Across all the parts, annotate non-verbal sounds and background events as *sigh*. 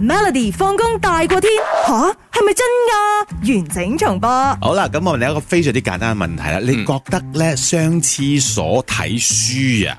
Melody 放工大過天吓，係咪真噶？完整重播好啦，咁我問你一個非常之簡單嘅問題啦，你覺得咧上廁所睇書啊，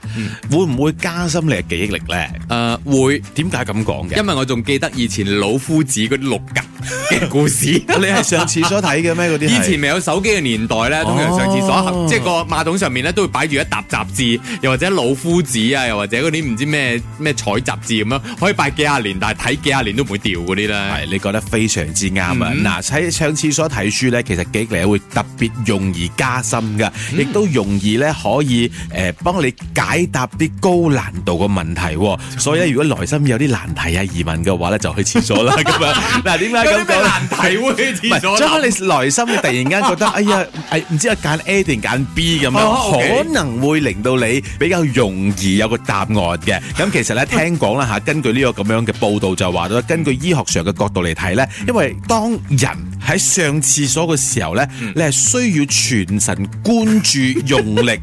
會唔會加深你嘅記憶力咧？誒、呃，會，點解咁講嘅？因為我仲記得以前老夫子嗰啲六格嘅故事， *laughs* 你係上廁所睇嘅咩？嗰啲 *laughs* 以前未有手機嘅年代咧，通常上廁所、哦、即係個馬桶上面咧都會擺住一沓雜誌，又或者老夫子啊，又或者嗰啲唔知咩咩彩雜誌咁樣，可以擺幾廿年，但係睇幾廿年。都唔會掉嗰啲咧，係你覺得非常之啱啊！嗱，喺上廁所睇書咧，其實記憶力會特別容易加深噶，亦都容易咧可以誒幫你解答啲高難度嘅問題。所以咧，如果內心有啲難題啊疑問嘅話咧，就去廁所啦。咁樣，嗱，點解咁講咧？難題會去廁所，唔係即係你內心突然間覺得哎呀，係唔知我揀 A 定揀 B 咁樣，可能會令到你比較容易有個答案嘅。咁其實咧，聽講啦嚇，根據呢個咁樣嘅報道就話咗。根據醫學上嘅角度嚟睇呢，因為當人喺上廁所嘅時候呢，你係需要全神關注、用力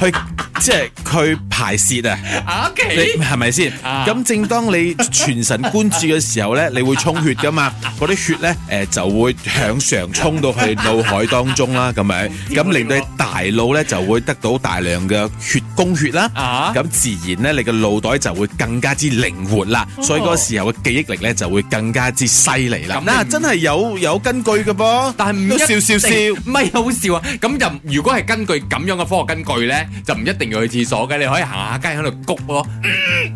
去。即係佢排泄啊，OK，你係咪先？咁正當你全神貫注嘅時候咧，你會充血噶嘛？嗰啲血咧，誒就會向上衝到去腦海當中啦，咁樣，咁令到你大腦咧就會得到大量嘅血供血啦。咁自然咧，你嘅腦袋就會更加之靈活啦。所以嗰個時候嘅記憶力咧就會更加之犀利啦。咁啦，真係有有根據嘅噃，但係唔一定，笑笑笑，唔係好笑啊。咁就如果係根據咁樣嘅科學根據咧，就唔一定。去廁所嘅，你可以行下街喺度谷咯，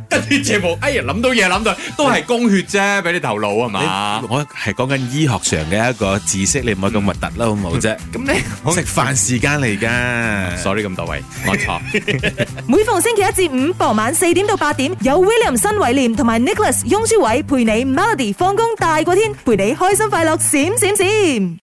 跟住借步，哎呀諗到嘢，諗到，都係供血啫，俾你頭腦係嘛？我係講緊醫學上嘅一個知識，你唔可以咁核突啦，好唔好啫。咁你食飯時間嚟噶，sorry 咁多位，冇錯。每逢星期一至五傍晚四點到八點，有 William 新偉廉同埋 Nicholas 雍書偉陪你 Melody 放工大過天，陪你開心快樂閃閃閃。